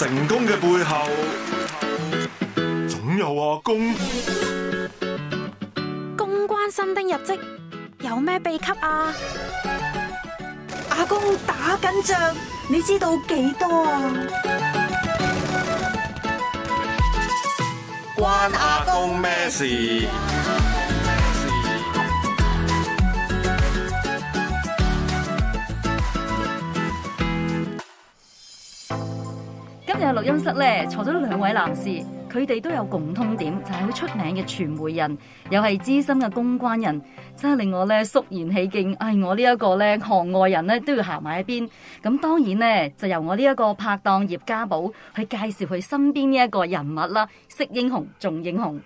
成功嘅背後，總有阿公。公關新丁入職，有咩秘笈啊？阿公打緊仗，你知道幾多啊？關阿公咩事？錄音室咧坐咗兩位男士，佢哋都有共通點，就係、是、好出名嘅傳媒人，又係資深嘅公關人，真係令我咧肅然起敬。唉、哎，我呢一個咧行外人咧都要行埋一邊。咁當然咧，就由我呢一個拍檔葉家寶去介紹佢身邊呢一個人物啦，識英雄，重英雄。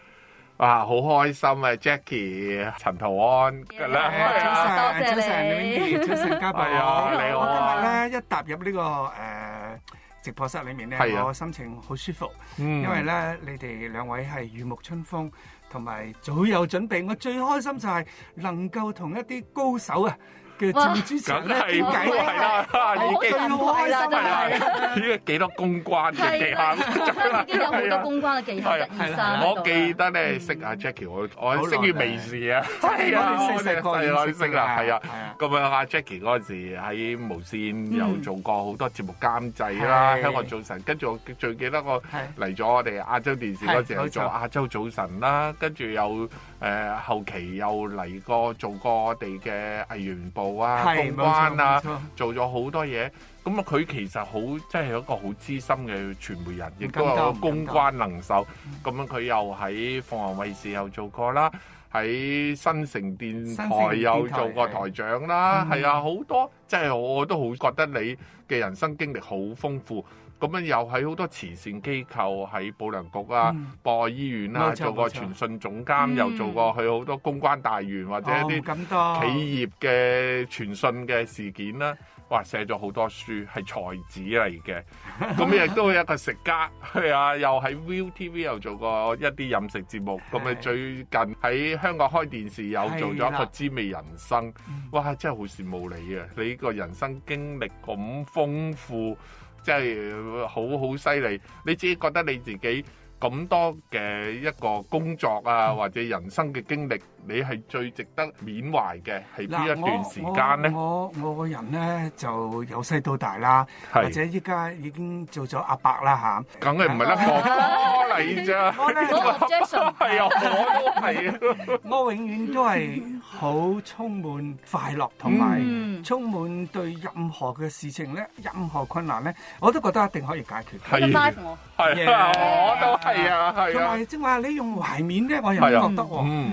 哇，好開心啊，Jackie 陳圖安噶啦多、哎呀嗯、謝你，多謝嘉碧啊，你好。今日咧一踏入呢個誒。嗯嗯直播室裏面咧，啊、我心情好舒服，嗯、因為咧，你哋兩位係如沐春風，同埋早有準備。我最開心就係能夠同一啲高手啊！哇！咁係，梗係啦，已經好開心啦，係啊，呢個幾多公關嘅技巧，已經有好多公關嘅技巧。我記得咧，識阿 Jackie，我我識於微視啊，係啊，識識識識識啊，係啊，咁樣阿 Jackie 嗰陣時喺無線有做過好多節目監製啦，《香港早晨》。跟住我最記得我嚟咗我哋亞洲電視嗰陣，去做亞洲早晨啦。跟住又誒後期又嚟過做過我哋嘅藝員部。做啊公關啦，做咗好多嘢，咁啊佢其實好即係一個好資深嘅傳媒人，亦都有公關能手。咁樣佢又喺鳳凰衛視又做過啦，喺新城電台又做過台長啦，係啊好多，即係我都好覺得你嘅人生經歷好豐富。咁樣又喺好多慈善機構，喺保良局啊、嗯、博愛醫院啊，錯做過傳訊總監，嗯、又做過佢好多公關大員，或者啲咁多企業嘅傳訊嘅事件啦。哦、哇，寫咗好多書，係才子嚟嘅。咁亦都有一個食家，係啊，又喺 Viu TV 又做過一啲飲食節目。咁啊是，最近喺香港開電視又做咗一個滋味人生。的哇，真係好羨慕你啊！你個人生經歷咁豐富。真係好好犀利，你自己覺得你自己咁多嘅一個工作啊，或者人生嘅經歷。你係最值得緬懷嘅係邊一段時間咧？我我個人咧就由細到大啦，或者依家已經做咗阿伯啦嚇，梗係唔係得我嚟咋？我咧即係純係我係啊！我永遠都係好充滿快樂，同埋充滿對任何嘅事情咧，任何困難咧，我都覺得一定可以解決。係啊，我我都係啊，同埋正話你用懷緬咧，我又覺得，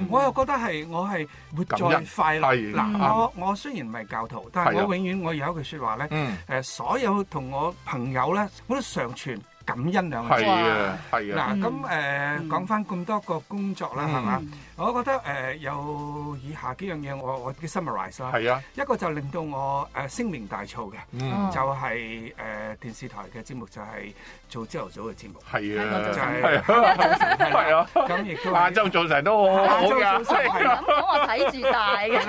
我又覺得。係我係活在快樂，嗱，我我雖然唔係教徒，但係的我永遠我有一句說話咧，誒、嗯、所有同我朋友咧，我都常傳。感恩兩個字啊！係啊，係啊。嗱咁誒講翻咁多個工作啦，係嘛？我覺得誒有以下幾樣嘢，我我嘅 summarise 啦。係啊。一個就令到我誒聲名大噪嘅，就係誒電視台嘅節目，就係做朝頭早嘅節目。係啊，就係。係啊。咁亦都亞洲早晨都好嘅。亞洲早晨，我睇住大嘅。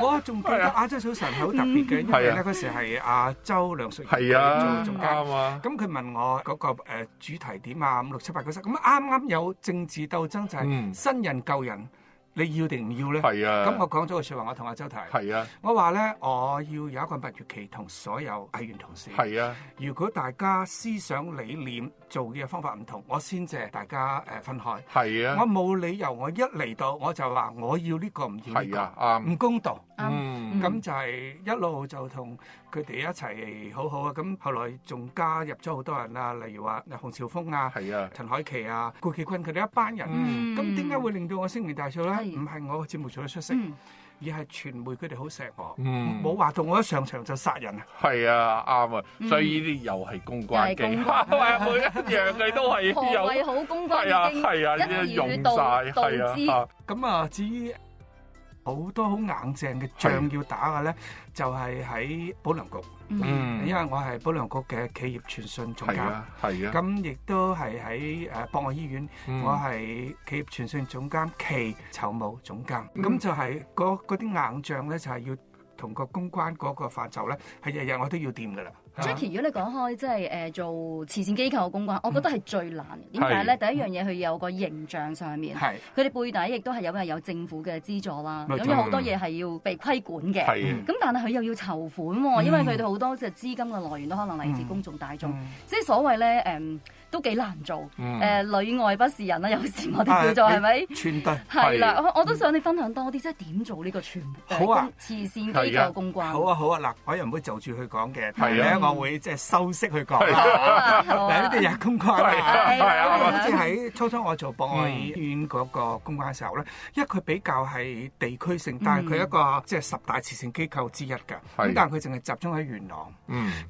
我仲記得亞洲早晨係好特別嘅，因為咧嗰時係亞洲梁淑儀做總監啊嘛。咁佢問我嗰個。誒、呃、主題點啊，五六七八九十，咁啱啱有政治鬥爭就係、是、新人舊人，嗯、你要定唔要咧？係啊，咁我講咗個説話，我同阿周提，係啊，我話咧，我要有一個蜜月期同所有藝員同事，係啊，如果大家思想理念，做嘅方法唔同，我先借大家誒分開。係啊，我冇理由我一嚟到我就話我要呢個唔要呢個，唔、呢個呢個啊、公道。啱、嗯，咁就係一路就同佢哋一齊好好啊。咁後來仲加入咗好多人啊，例如話洪朝峰啊，係啊，陳凱琪啊，顧其坤佢哋一班人。咁點解會令到我聲名大噪咧？唔係是我個節目做得出色。嗯而係傳媒佢哋好錫我，唔冇話到我一上場就殺人啊！係啊，啱啊，所以呢啲又係公關機，係啊、嗯， 每一樣你都係又係好公關啊，係啊，用晒咁啊，啊，資啊，至於。好多好硬淨嘅仗要打嘅咧，是啊、就係喺保良局，嗯，因為我係保良局嘅企業傳訊總監，係啊，咁亦都係喺誒博愛醫院，嗯、我係企業傳訊總監，企籌務總監，咁、嗯、就係嗰啲硬仗咧，就係、是、要同個公關嗰個範疇咧，係日日我都要掂噶啦。Jackie，如果你講開即係誒做慈善機構嘅公關，我覺得係最難。點解咧？第一樣嘢佢有個形象上面，佢哋背底亦都係有，因為有政府嘅資助啦，咁有好多嘢係要被規管嘅。咁但係佢又要籌款喎，因為佢哋好多即係資金嘅來源都可能嚟自公眾大眾，即係所謂咧誒都幾難做。誒，裡外不是人啦，有時我哋叫做係咪？全對，係啦。我都想你分享多啲，即係點做呢個全慈善機構嘅公關？好啊，好啊，嗱，我又唔會就住佢講嘅，係我會即係修飾去講，嗱呢啲係公關。好似喺初初我做博愛醫院嗰個公關嘅時候咧，因為佢比較係地區性，但係佢一個即係十大慈善機構之一㗎。咁但係佢淨係集中喺元朗。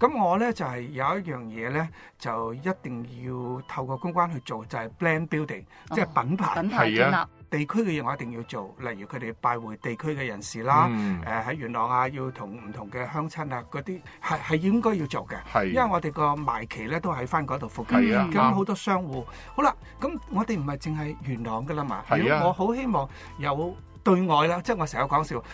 咁 我咧就係、是、有一樣嘢咧，就一定要透過公關去做，就係、是、brand building，即係品，、哦、品牌建立。地區嘅嘢我一定要做，例如佢哋拜會地區嘅人士啦，誒喺、嗯呃、元朗啊，要同唔同嘅鄉親啊嗰啲，係係應該要做嘅，的因為我哋個賣旗咧都喺翻嗰度附近，咁好的、嗯、多商戶，的好啦，咁我哋唔係淨係元朗噶啦嘛，如果的我好希望有對外啦，即、就、係、是、我成日講笑。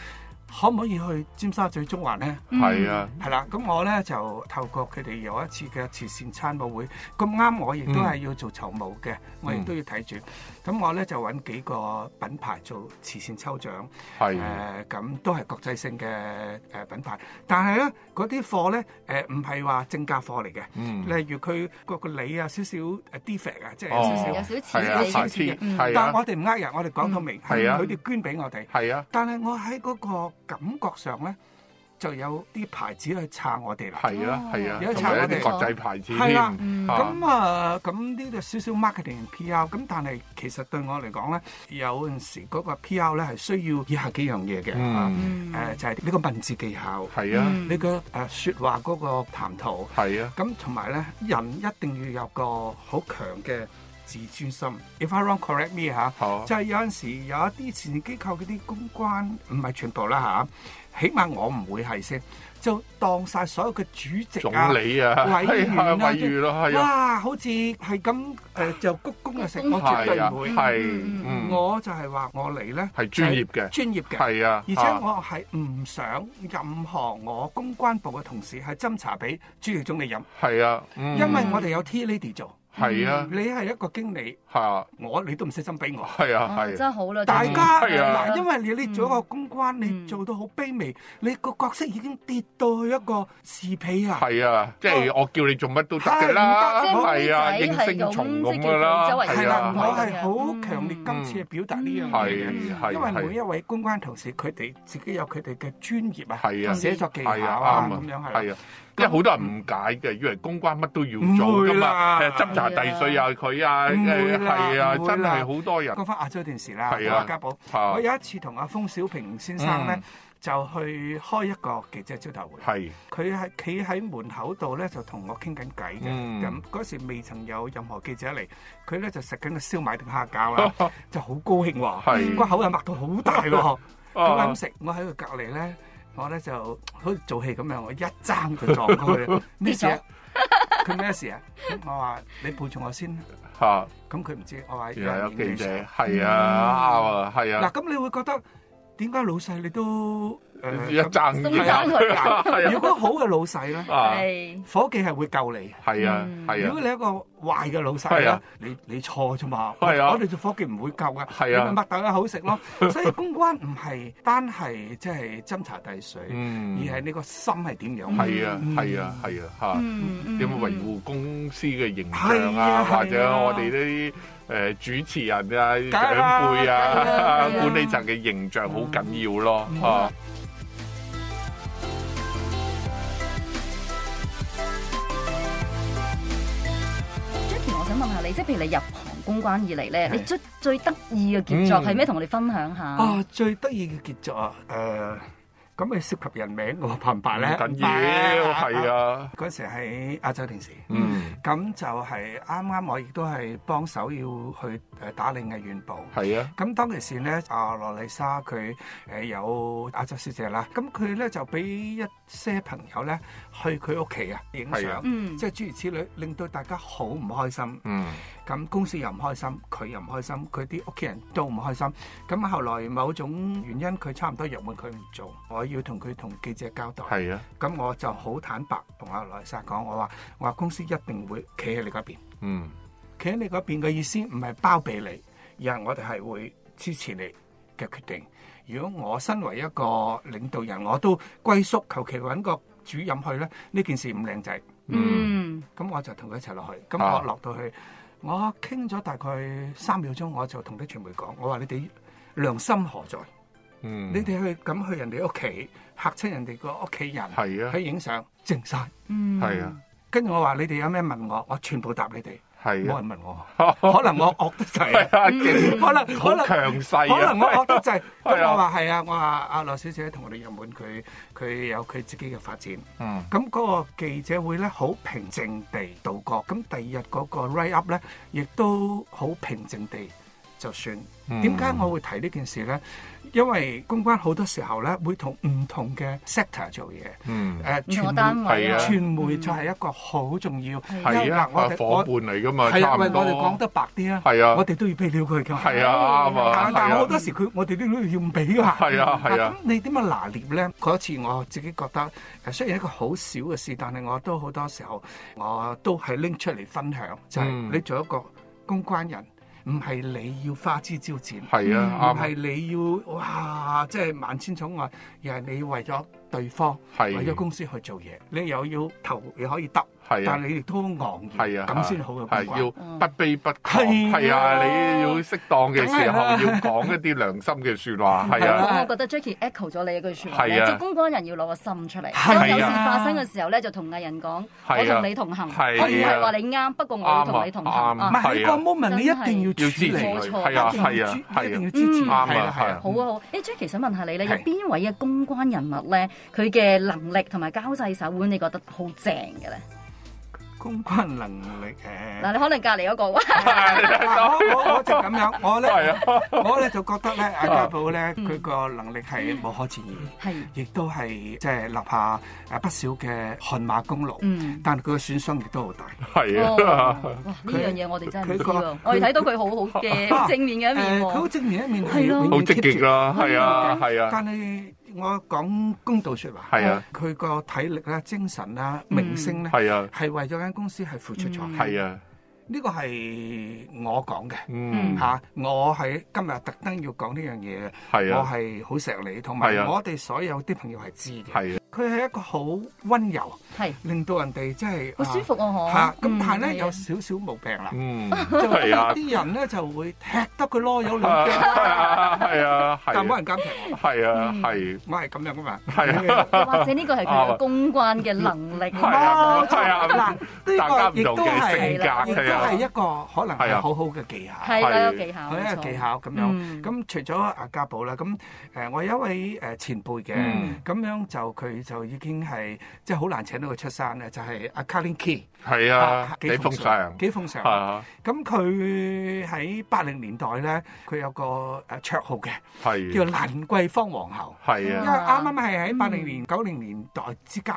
可唔可以去尖沙咀中環咧？係啊，係啦。咁我咧就透過佢哋有一次嘅慈善餐舞會，咁啱我亦都係要做籌募嘅，我亦都要睇住。咁我咧就揾幾個品牌做慈善抽獎，誒咁都係國際性嘅誒品牌。但係咧嗰啲貨咧誒唔係話正價貨嚟嘅，例如佢個個理啊少少誒 defect 啊，即係有少少瑕疵瑕疵嘅。但係我哋唔呃人，我哋講到明係佢哋捐俾我哋，係啊。但係我喺嗰個。感覺上咧就有啲牌子去撐我哋啦，係啊係啊，啊去有啲撐我哋國際牌子，係啦咁啊咁呢啲少少 marketing PR 咁，但係其實對我嚟講咧，有陣時嗰個 PR 咧係需要以下幾樣嘢嘅嚇誒，就係、是、呢個文字技巧係啊，你個誒説話嗰個談吐係啊，咁同埋咧人一定要有個好強嘅。自尊心，if I wrong correct me 吓，就係有陣時有一啲慈善機構嗰啲公關唔係全部啦吓，起碼我唔會係先，就當晒所有嘅主席啊、總理啊、委員咯係啊，哇好似係咁誒就鞠躬嘅成個團隊，我絕對唔會，係，我就係話我嚟咧係專業嘅，專業嘅，係啊，而且我係唔想任何我公關部嘅同事係斟茶俾主席總理飲，係啊，因為我哋有 tea lady 做。係啊，你係一個經理，係啊，我你都唔細心俾我，係啊，係真好啦。大家嗱，因為你你做一個公關，你做到好卑微，你個角色已經跌到去一個侍婢啊！係啊，即係我叫你做乜都得噶啦，係啊，應聲蟲咁噶啦。係啦，我係好強烈今次嘅表達呢樣嘢嘅，因為每一位公關同事，佢哋自己有佢哋嘅專業啊，寫作技巧啊，咁樣係啊。即係好多人誤解嘅，以為公關乜都要做㗎嘛，誒執查遞稅又係佢啊，誒係啊，真係好多人。講翻亞洲電視啦，講阿家寶，我有一次同阿封小平先生咧就去開一個記者招待會，係佢係企喺門口度咧就同我傾緊偈嘅，咁嗰時未曾有任何記者嚟，佢咧就食緊個燒賣定蝦餃啦，就好高興喎，個口又擘到好大喎，咁樣食，我喺佢隔離咧。我咧就好似做戲咁樣，我一爭佢撞過去，咩 事啊？佢咩 事啊？我話你背住我先啦，啊。咁佢唔知，我話有記者，係啊， 係啊。嗱，咁你會覺得點解老細你都？一爭嘅，如果好嘅老細咧，伙計係會救你。係啊，係啊。如果你一個壞嘅老細咧，你你錯啫嘛。係啊。我哋做伙計唔會救㗎。係啊。擘大嘅好食咯。所以公關唔係單係即係斟茶遞水，而係你個心係點樣。係啊，係啊，係啊。吓，點樣維護公司嘅形象啊？或者我哋呢啲誒主持人啊、長輩啊、管理層嘅形象好緊要咯。吓。即係譬如你入行公關以嚟咧，是你最最得意嘅傑作係咩？同、嗯、我哋分享下。啊，最得意嘅傑作啊，誒、呃。咁咪涉及人名喎，我怕唔怕咧緊要，係啊！嗰時喺亞洲電視，嗯，咁就係啱啱我亦都係幫手要去誒打領嘅宣佈，係啊！咁當其時咧，阿羅麗莎佢誒有亞洲小姐啦，咁佢咧就俾一些朋友咧去佢屋企啊影相，嗯，即係諸如此類，令到大家好唔開心，嗯，咁公司又唔開心，佢又唔開心，佢啲屋企人都唔開心，咁後來某種原因佢差唔多入滿佢唔做，我。要同佢同記者交代，係啊的，咁我就好坦白同阿萊沙講，我話：我公司一定會企喺你嗰邊。嗯，企喺你嗰邊嘅意思唔係包庇你，而係我哋係會支持你嘅決定。如果我身為一個領導人，我都龜縮求其搵個主任去咧，呢件事唔靚仔。嗯，咁我就同佢一齊落去。咁我落到去，啊、我傾咗大概三秒鐘，我就同啲傳媒講：我話你哋良心何在？嗯，你哋去咁去人哋屋企嚇親人哋個屋企人，係啊，去影相，靜晒，嗯，係啊。跟住我話，你哋有咩問我，我全部答你哋。係冇人問我，可能我惡得滯，可能可能強勢，可能我惡得滯。咁我話係啊，我話阿羅小姐同我哋入門，佢佢有佢自己嘅發展。嗯，咁嗰個記者會咧好平靜地度過，咁第二日嗰個 rise up 咧亦都好平靜地。就算點解我會提呢件事咧？因為公關好多時候咧會同唔同嘅 sector 做嘢，誒傳媒係啊，傳媒就係一個好重要。係啊，夥伴嚟㗎嘛，差唔多。係咪我哋講得白啲啊？係啊，我哋都要俾料佢㗎。係啊，啱啊。但係我好多時佢，我哋啲都要唔俾㗎嘛。係啊，係啊。咁你點樣拿捏咧？嗰次我自己覺得誒，雖然一個好小嘅事，但係我都好多時候我都係拎出嚟分享，就係你做一個公關人。唔係你要花枝招展，唔係、係啊、你要哇，即係萬千寵愛，而係你為咗對方，係啊、為咗公司去做嘢，你又要投，又可以得。但係啊！你哋都昂住，咁先好嘅。係要不卑不亢，係啊！你要適當嘅時候要講一啲良心嘅説話係啊。我覺得 Jackie echo 咗你一句説話係啊。做公關人要攞個心出嚟。有事發生嘅時候咧，就同藝人講：我同你同行。我唔係話你啱，不過我要同你同行啊。唔係個 moment，你一定要處理，冇錯，一定要支持啱啊！係啊，好啊好。誒，Jackie 想問下你咧，有邊位嘅公關人物咧？佢嘅能力同埋交際手腕，你覺得好正嘅咧？公關能力誒嗱，你可能隔離嗰個位，我我就咁樣，我咧我咧就覺得咧，阿家寶咧佢個能力係無可置疑，係亦都係即係立下誒不少嘅汗馬功勞，嗯，但係佢嘅損傷亦都好大，係啊，哇，呢樣嘢我哋真係唔知喎，我哋睇到佢好好嘅正面嘅一面喎，佢好正面一面，係咯，好積極啦，係啊，係啊，但係。我講公道說話，佢個、啊、體力啦、啊、精神啦、名聲咧，係啊，係、嗯啊、為咗間公司係付出咗、嗯，係啊。呢個係我講嘅，嗯嚇，我喺今日特登要講呢樣嘢，我係好錫你，同埋我哋所有啲朋友係知嘅。係，佢係一個好溫柔，係令到人哋即係好舒服哦，嚇。咁但係咧有少少毛病啦，嗯，就係啲人咧就會踢得佢囉，有亂噏，係啊，係啊，但係冇人監評，係啊，係，我係咁樣噶嘛，係啊，或者呢個係佢嘅公關嘅能力，係啊，係啊，嗱，呢個亦都係啦，係啊。都係一個可能係好好嘅技巧，係啦，有技巧，佢係一個技巧咁樣。咁除咗阿家寶啦，咁誒、呃、我有一位誒前輩嘅，咁、嗯、樣就佢就已經係即係好難請到佢出山咧，就係、是、阿卡 Lin Key。係啊，幾風尚，幾風尚。咁佢喺八零年代咧，佢有個誒綽號嘅，叫蘭桂坊皇后。係啊，因為啱啱係喺八零年九零年代之間，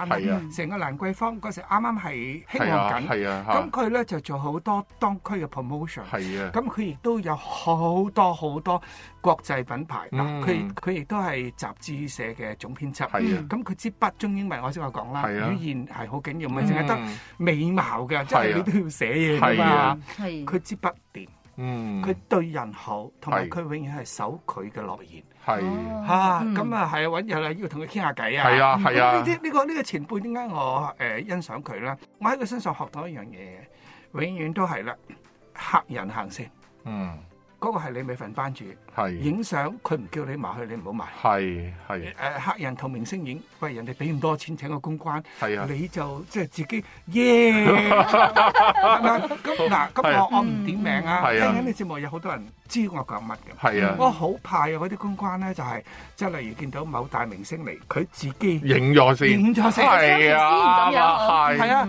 成個蘭桂坊嗰時啱啱係興旺緊。係啊，咁佢咧就做好多當區嘅 promotion。係啊，咁佢亦都有好多好多。國際品牌嗱，佢佢亦都係雜誌社嘅總編輯，咁佢支筆中英文，我先話講啦，語言係好緊要，唔係淨係得美貌嘅，即係你都要寫嘢噶嘛。佢支筆掂，佢對人好，同埋佢永遠係守佢嘅諾言。係啊，咁啊係搵日啊要同佢傾下偈啊。係啊，係啊。呢啲呢個呢個前輩點解我誒欣賞佢咧？我喺佢身上學到一樣嘢，永遠都係啦，客人行先。嗯。嗰個係你咪份班主，係影相佢唔叫你埋去，你唔好埋。係係誒客人同明星影，喂，人哋俾咁多錢請個公關，係啊，你就即係自己耶，係咪啊？咁、yeah! 嗱， 今個是我唔點名啊，聽緊、嗯、你節目有好多人。知我講乜嘅？我好怕啊！嗰啲公關咧就係即係例如見到某大明星嚟，佢自己影咗先，影咗先，係啊，啱啊，係啊，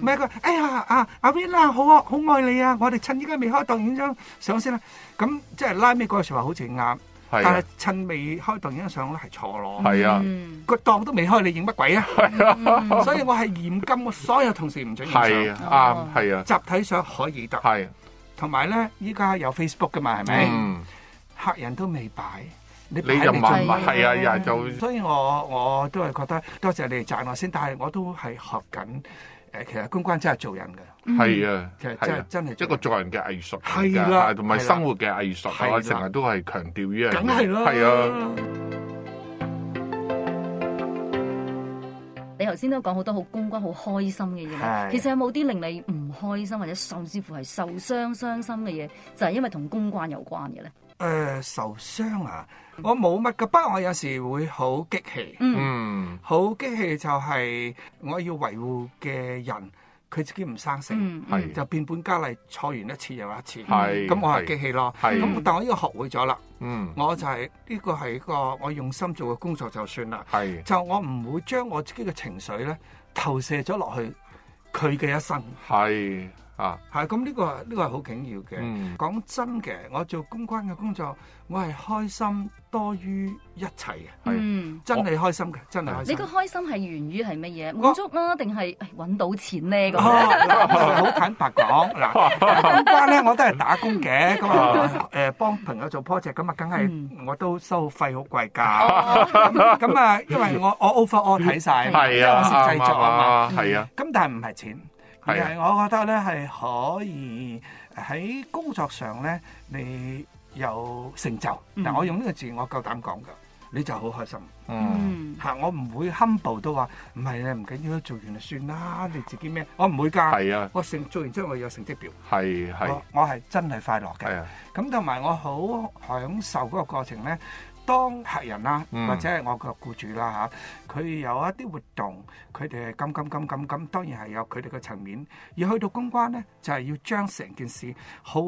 唔佢，哎呀啊啊 Vina 好啊，好愛你啊！我哋趁依家未開檔影張相先啦。咁即係拉尾嗰個時候好似啱，但係趁未開檔影張相咧係錯咯。係啊，個檔都未開，你影乜鬼啊？係啊，所以我係嚴禁我所有同事唔准影。係啱，係啊，集體相可以得。德。係。同埋咧，依家有 Facebook 㗎嘛，係咪？嗯，客人都未擺，你你就唔係啊，又係就。所以我我都係覺得，多謝你哋讚我先，但係我都係學緊誒，其實公關真係做人嘅。係啊，其實真係真係一個做人嘅藝術，係啦，同埋生活嘅藝術，我成日都係強調依樣嘢。梗係啦。係啊。你頭先都講好多好公關好開心嘅嘢，的其實有冇啲令你唔開心或者甚至乎係受傷傷心嘅嘢，就係、是、因為同公關有關嘅咧？誒、呃，受傷啊，嗯、我冇乜㗎，不過我有時會好激氣，嗯，好激氣就係我要維護嘅人。佢自己唔生性，mm hmm. 就變本加厲，錯完一次又一次。咁、mm hmm. 我係激氣咯。咁、mm hmm. 但我呢個學會咗啦。Mm hmm. 我就係、是、呢、這個係一個我用心做嘅工作就算啦。Mm hmm. 就我唔會將我自己嘅情緒咧投射咗落去佢嘅一生。Mm hmm. 啊，係咁呢個呢個係好緊要嘅。講真嘅，我做公關嘅工作，我係開心多於一切嘅。嗯，真係開心嘅，真係開心。你個開心係源於係乜嘢？滿足啊，定係揾到錢呢？咁，好坦白講，嗱，公關咧我都係打工嘅。咁啊，誒，幫朋友做 project，咁啊，梗係我都收費好貴噶。咁啊，因為我我 overall 睇晒，因為我識製作啊嘛，係啊。咁但係唔係錢。係，啊、我覺得咧係可以喺工作上咧，你有成就。嗱、嗯，我用呢個字，我夠膽講㗎，你就好開心。嗯，嚇、嗯，我唔會 humble 都話，唔係你唔緊要啦，做完就算啦，你自己咩？我唔會加。」係啊，我成做完之後，我有成績表。係係、啊啊，我係真係快樂嘅。係啊，咁同埋我好享受嗰個過程咧。當客人啦，或者係我個僱主啦嚇，佢有一啲活動，佢哋係咁咁咁咁咁，當然係有佢哋嘅層面。而去到公關咧，就係要將成件事好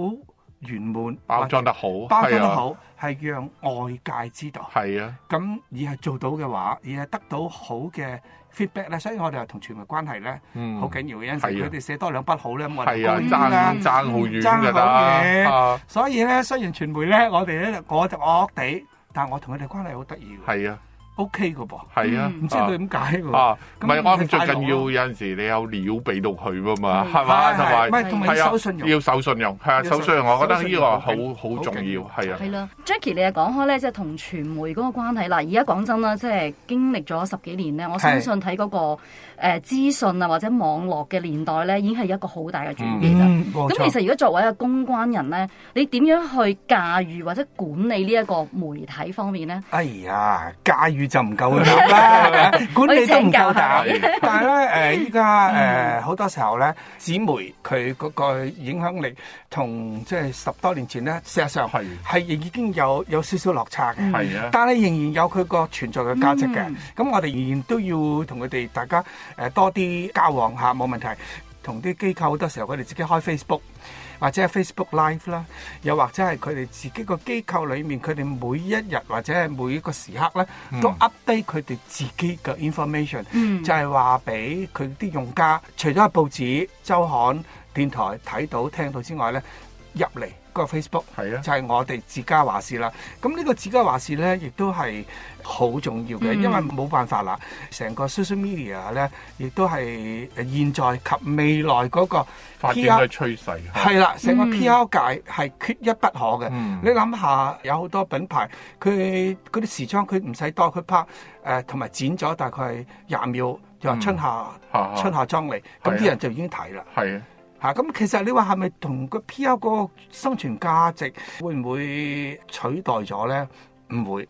圓滿，包裝得好，包裝得好係讓外界知道。係啊，咁而係做到嘅話，而係得到好嘅 feedback 咧。所以我哋同傳媒關係咧，好緊要嘅因素。佢哋寫多兩筆好咧，咁我哋當然啦，爭好遠就得啦。所以咧，雖然傳媒咧，我哋咧我就我哋。但我同佢哋關係好得意，係啊。O K 嘅噃，係啊，唔知佢點解喎。啊，唔係我最緊要有陣時你有料俾到佢㗎嘛，係嘛？同埋，唔係同要守信用，係啊，守信用，我覺得呢個好好重要，係啊。係啦，Jackie，你又講開咧，即係同傳媒嗰個關係。嗱，而家講真啦，即係經歷咗十幾年咧，我相信睇嗰個誒資訊啊或者網絡嘅年代咧，已經係一個好大嘅轉變啦。咁其實如果作為一個公關人咧，你點樣去駕馭或者管理呢一個媒體方面咧？哎呀，駕馭。就唔夠啦，係咪？管理都唔夠膽。 但係咧，誒依家誒好多時候咧，姊、嗯、妹佢嗰個影響力同即係十多年前咧，事實上係係已經有有少少落差嘅。係啊、嗯，但係仍然有佢個存在嘅價值嘅。咁、嗯、我哋仍然都要同佢哋大家誒、呃、多啲交往下，冇問題。同啲機構好多時候，佢哋自己開 Facebook，或者係 Facebook Live 啦，又或者係佢哋自己個機構裏面，佢哋每一日或者係每一個時刻咧，都 update 佢哋自己嘅 information，嗯、就係話俾佢啲用家，除咗係報紙周刊、電台睇到聽到之外咧，入嚟。個 Facebook 係啊，就係我哋自家話事啦。咁呢個自家話事咧，亦都係好重要嘅，嗯、因為冇辦法啦。成個 social media 咧，亦都係現在及未來嗰個 PR，發展嘅趨勢。係啦、啊，成個 PR 界係缺一不可嘅。嗯、你諗下，有好多品牌佢嗰啲時裝，佢唔使多，佢拍誒同埋剪咗大概廿秒，就話春夏、嗯、哈哈春夏裝嚟，咁啲人就已經睇啦。係啊。嚇咁、啊，其實你話係咪同個 P.R. 個生存價值會唔會取代咗咧？唔會，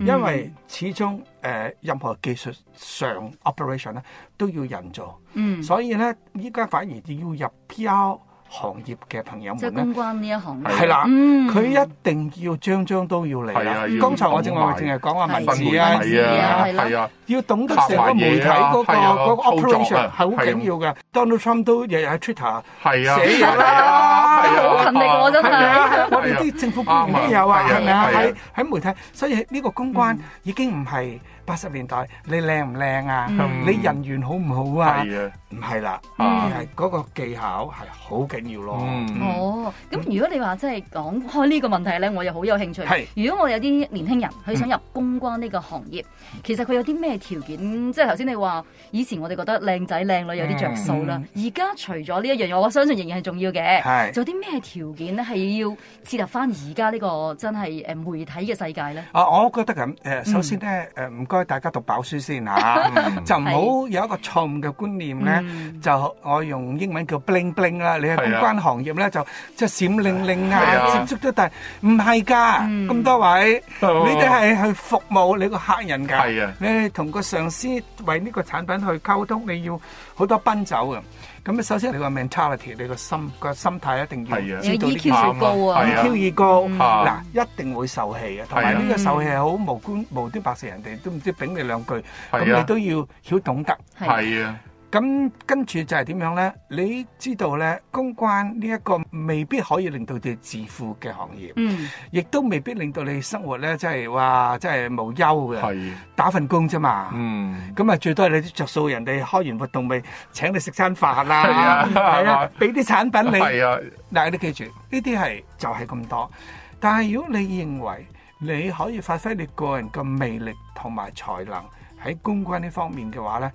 因為始終誒、呃、任何技術上 operation 咧都要人做，嗯、所以咧依家反而要入 P.R. 行業嘅朋友們咧，即係公關呢一行，係啦，佢一定要張張都要嚟啦。剛才我正話淨係講話文字啊，係啊，係啊，要懂得成個媒體嗰個嗰個 operation 係好緊要嘅。Donald Trump 都日日喺 Twitter，寫嘢啦，好勤力喎真係。我哋啲政府官員都有啊，係咪啊？喺喺媒體，所以呢個公關已經唔係。八十年代你靚唔靚啊？你人緣好唔好啊？唔係啦，係嗰個技巧係好緊要咯。哦，咁如果你話即係講開呢個問題咧，我又好有興趣。係，如果我有啲年輕人佢想入公關呢個行業，其實佢有啲咩條件？即係頭先你話以前我哋覺得靚仔靚女有啲着數啦，而家除咗呢一樣嘢，我相信仍然係重要嘅。係，仲有啲咩條件咧係要設立翻而家呢個真係誒媒體嘅世界咧？啊，我覺得咁誒首先咧誒唔。大家讀飽書先嚇，就唔好有一個錯誤嘅觀念咧。就我用英文叫 bling bling 啦，你係公關行業咧，就即係閃令令啊，接觸得大？唔係㗎，咁多位，你哋係去服務你個客人㗎。誒，你同個上司為呢個產品去溝通，你要好多奔走㗎。咁咧，首先你個 mentality，你個心，個心態一定要知道呢啲啱唔啱？EQ 要高，嗱，一定會受氣嘅。同埋呢個受氣係好無端無端白食人哋，都唔知頂你兩句，咁你都要曉懂得。係啊。咁跟住就係點樣咧？你知道咧，公關呢一個未必可以令到你致富嘅行業，嗯，亦都未必令到你生活咧，即係話即係無憂嘅，係打份工啫嘛，嗯，咁啊最多係你着數人哋開完活動咪請你食餐飯啦，係啊，俾啲產品你，係啊，嗱你記住呢啲係就係咁多。但係如果你認為你可以發揮你個人嘅魅力同埋才能喺公關呢方面嘅話咧，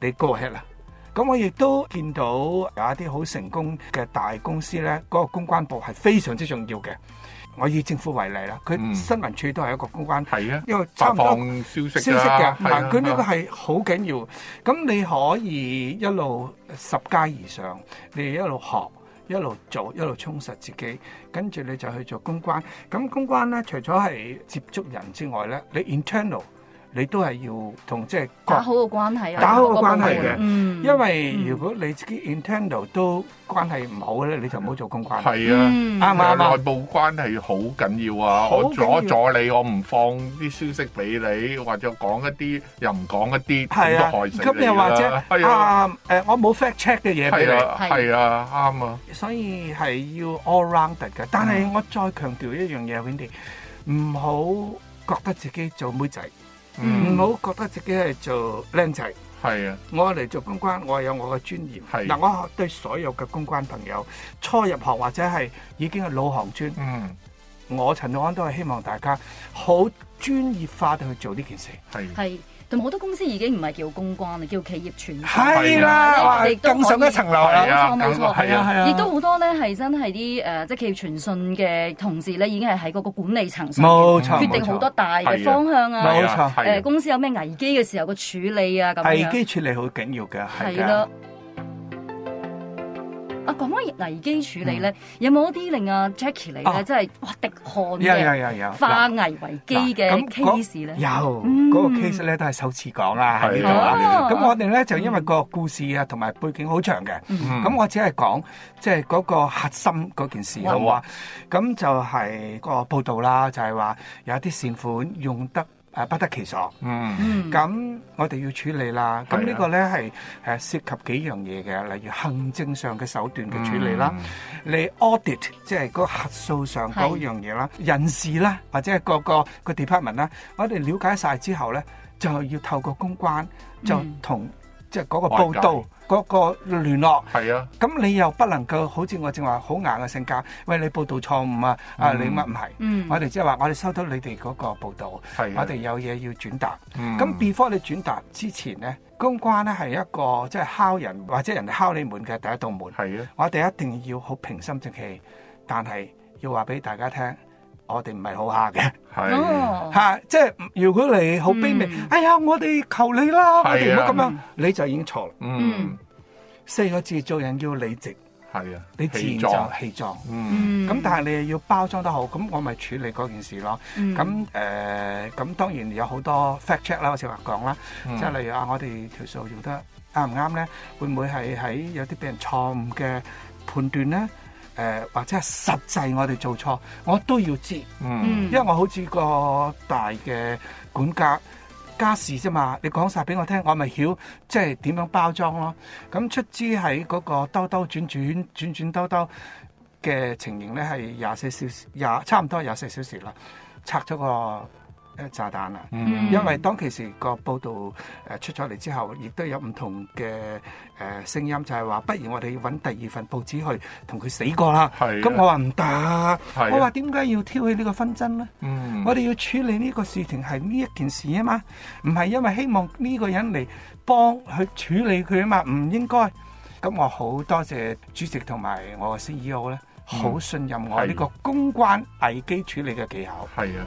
你過氣啦。咁我亦都見到有一啲好成功嘅大公司咧，嗰個公關部係非常之重要嘅。我以政府為例啦，佢新聞處都係一個公關，因為差唔多發放消息嘅。佢呢個係好緊要。咁你可以一路拾階而上，你一路學，一路做，一路充實自己，跟住你就去做公關。咁公關咧，除咗係接觸人之外咧，你 internal。你都係要同即係打好個關係，打好個關係嘅，因為如果你自己 Nintendo 都關係唔好咧，你就唔好做公關。係啊，啱啊。內部關係好緊要啊！我阻咗你，我唔放啲消息俾你，或者講一啲又唔講一啲，好多害死你啦。係啊，誒我冇 fact check 嘅嘢俾你，係啊，啱啊。所以係要 all round 嘅，但係我再強調一樣嘢，Vinnie，唔好覺得自己做妹仔。唔好、嗯、覺得自己係做靚仔，係啊的！我嚟做公關，我有我嘅專業。係嗱的，我對所有嘅公關朋友，初入行或者係已經係老行尊，嗯，我陳玉安都係希望大家好專業化地去做呢件事，係的。好多公司已經唔係叫公關啦，叫企業傳訊啦，係啦，話更上一層樓啦，冇錯，係啊，係啊，亦都好多咧係真係啲誒，即係企業傳訊嘅同事咧，已經係喺嗰個管理層上決定好多大嘅方向啊，誒公司有咩危機嘅時候個處理啊咁危機處理好緊要嘅，係㗎。啊，講危機處理咧，有冇一啲令阿 Jacky 嚟咧，即係哇，滴汗嘅化危為機嘅咁 case 咧？有，嗰個 case 咧都係首次講啦喺呢度。咁我哋咧就因為個故事啊同埋背景好長嘅，咁我只係講即係嗰個核心嗰件事好啦。咁就係個報道啦，就係話有一啲善款用得。誒不得其所，嗯，咁我哋要處理啦。咁、嗯、呢個咧係誒涉及幾樣嘢嘅，例如行政上嘅手段嘅處理啦，嗯、你 audit 即係個核數上嗰、嗯、樣嘢啦，是人事啦，或者係個個個 department 啦，我哋了解晒之後咧，就要透過公關、嗯、就同即係嗰個報道。嗰個聯絡係啊，咁你又不能夠好似我正話好硬嘅性格，喂你報道錯誤啊！啊，你乜唔係？嗯，我哋即係話，我哋收到你哋嗰個報道，我哋有嘢要轉達。咁 before 你轉達之前咧，公關咧係一個即係敲人或者人哋敲你門嘅第一道門。係啊，我哋一定要好平心靜氣，但係要話俾大家聽，我哋唔係好蝦嘅。係嚇，即係如果你好卑微，哎呀，我哋求你啦，我哋唔好咁樣，你就已經錯啦。嗯。四個字做人要理直，係啊的，你自然就氣壯。氣壯。嗯，咁但係你又要包裝得好，咁我咪處理嗰件事咯。咁誒、嗯、咁、呃、當然有好多 fact check 啦，我成日講啦，即係例如啊，我哋條數做得啱唔啱咧？會唔會係喺有啲俾人錯誤嘅判斷咧？誒、呃，或者係實際我哋做錯，我都要知。嗯，因為我好似個大嘅管家。家事啫嘛，你講晒俾我聽，我咪曉即係點樣包裝咯。咁出資喺嗰個兜兜轉轉、轉轉兜兜嘅情形咧，係廿四小時，廿差唔多廿四小時啦，拆咗個 炸彈啦，嗯、因為當其時個報道誒出咗嚟之後，亦都有唔同嘅誒聲音，就係、係、話不如我哋揾第二份報紙去同佢死過啦。咁、啊、我話唔得，啊、我話點解要挑起呢個紛爭呢？嗯、我哋要處理呢個事情係呢一件事啊嘛，唔係因為希望呢個人嚟幫去處理佢啊嘛，唔應該。咁我好多謝主席同埋我嘅 C E O 呢，好信任我呢個公關危機處理嘅技巧。係啊。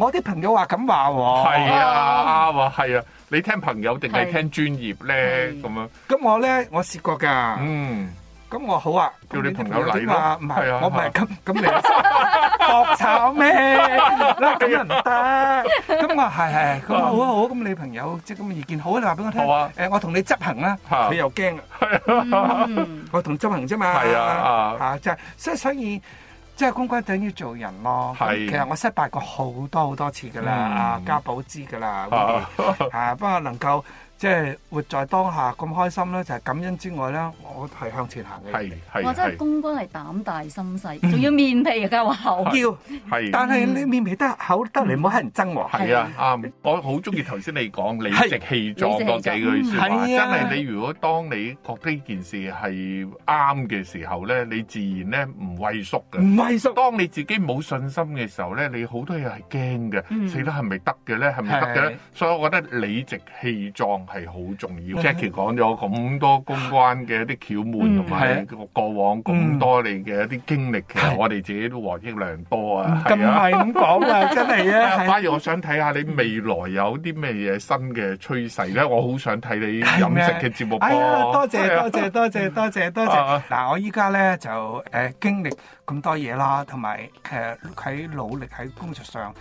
我啲朋友話咁話喎，係啊話係啊，你聽朋友定係聽專業咧咁樣？咁我咧我試過噶，嗯，咁我好啊，叫你朋友嚟嘛，唔係啊我唔係咁咁你搏炒咩？嗱咁又唔得，咁我係係咁好啊好，咁你朋友即係咁意見好啊，你話俾我聽，好啊，誒我同你執行啦，你又驚，係啊，我同你執行啫嘛，係啊啊啊即係即係所以。即係公關等於做人咯，是其實我失敗過好多好多次㗎啦，嗯、家寶知㗎啦， 啊不過能夠。即係活在當下咁開心咧，就係感恩之外咧，我係向前行嘅。係係，我真係公公係膽大心細，仲要面皮㗎，口叫。係。但係你面皮得口得你，唔好乞人憎喎。係啊，啱。我好中意頭先你講理直氣壯嗰幾句說話。係啊。真係，你如果當你覺得呢件事係啱嘅時候咧，你自然咧唔畏縮嘅。唔畏縮。當你自己冇信心嘅時候咧，你好多嘢係驚嘅。嗯。死得係咪得嘅咧？係咪得嘅咧？所以我覺得理直氣壯。係好重要。Jackie 講咗咁多公關嘅一啲竅門，同埋過往咁多你嘅一啲經歷，其實我哋自己都獲益良多啊！咁唔係咁講啊，真係啊！反而我想睇下你未來有啲咩嘢新嘅趨勢咧，我好想睇你飲食嘅節目播。哎呀，多謝多謝多謝多謝多謝！嗱，我依家咧就誒經歷咁多嘢啦，同埋其實喺努力喺工作上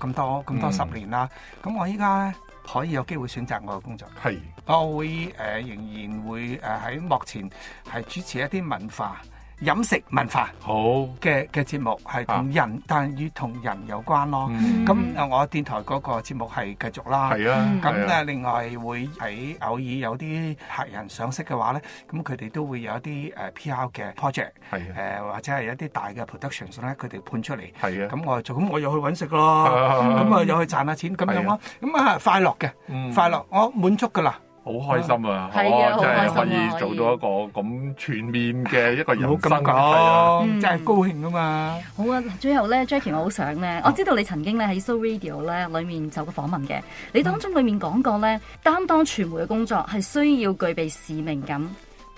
誒咁多咁多十年啦，咁我依家咧。可以有機會選擇我嘅工作，係是，我會誒、呃、仍然會誒喺幕前係主持一啲文化。飲食文化好嘅嘅節目係同人，但係與同人有關咯。咁啊，我電台嗰個節目係繼續啦。係啊，咁啊，另外會喺偶爾有啲客人賞識嘅話咧，咁佢哋都會有一啲誒 PR 嘅 project，誒或者係一啲大嘅 production 咧，佢哋判出嚟。係啊，咁我做，咁我又去搵食咯。咁啊，又去賺下錢，咁樣咯。咁啊，快樂嘅，快樂，我滿足噶啦。嗯、好開心啊！開心啊，真係可以做到一個咁全面嘅一個人生係啊，嗯、真係高興啊嘛！好啊，最後咧，Jackie，我好想咧，嗯、我知道你曾經咧喺 So Radio 咧裏面做過訪問嘅，你當中裏面講過咧，擔、嗯、當傳媒嘅工作係需要具備使命感，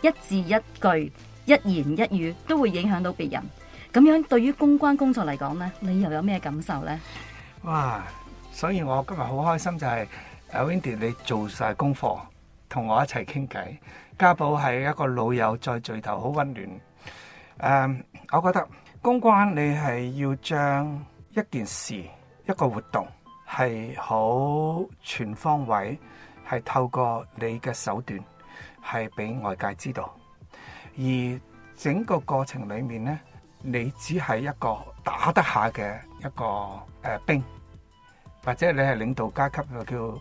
一字一句、一言一語都會影響到別人。咁樣對於公關工作嚟講咧，你又有咩感受咧？哇！所以我今日好開心就係、是啊，Wendy，你做晒功課。同我一齊傾偈，家寶係一個老友再聚頭，好溫暖。誒，um，我覺得公關你係要將一件事一個活動係好全方位，係透過你嘅手段係俾外界知道，而整個過程裡面呢，你只係一個打得下嘅一個誒兵，或者你係領導階級就叫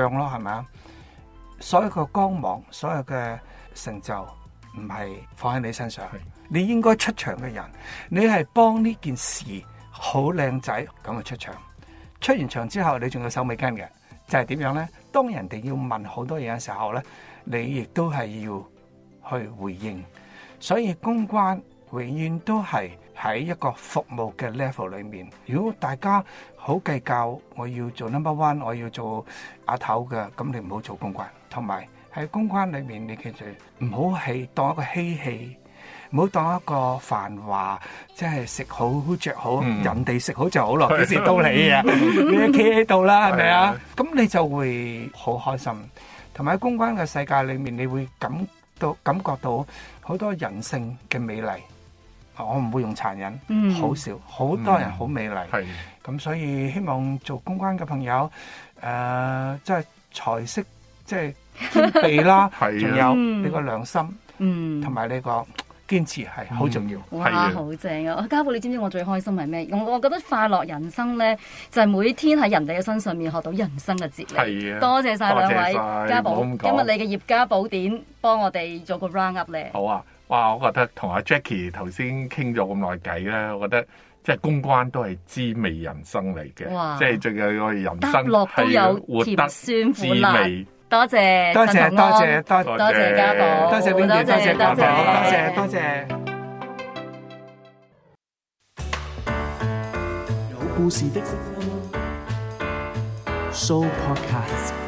將咯，係咪啊？所有嘅光芒，所有嘅成就，唔係放喺你身上。你應該出場嘅人，你係幫呢件事好靚仔咁去出場。出完場之後，你仲有手尾跟嘅，就係點樣呢？當人哋要問好多嘢嘅時候呢，你亦都係要去回應。所以公關永遠都係喺一個服務嘅 level 裡面。如果大家好計較，我要做 number one，我要做阿頭嘅，咁你唔好做公關。同埋喺公關裏面，你其實唔好係當一個嬉戲，唔好當一個繁華，即係食好着好，好嗯、人哋食好着好落，幾時都蝕到你啊！嗯、你企喺度啦，係咪、嗯、啊？咁你就會好開心。同埋喺公關嘅世界裏面，你會感到感覺到好多人性嘅美麗。我唔會用殘忍，好、嗯、少，好多人好美麗。咁、嗯、所以希望做公關嘅朋友，誒、呃，即係才識。即係貼地啦，仲有你個良心，嗯，同埋呢個堅持係好重要。哇，好正啊！家寶，你知唔知我最開心係咩？我我覺得快樂人生咧，就係每天喺人哋嘅身上面學到人生嘅哲理。係啊，多謝晒兩位家寶，今日你嘅葉家寶典幫我哋做個 round up 咧。好啊，哇！我覺得同阿 Jackie 頭先傾咗咁耐偈咧，我覺得即係公關都係滋味人生嚟嘅。即係仲有個人生係要活得甜酸苦辣。多謝，多謝，多謝，多謝家寶，多謝邊隊，多謝家寶，多謝，多謝。有故事的聲音，Show Podcast。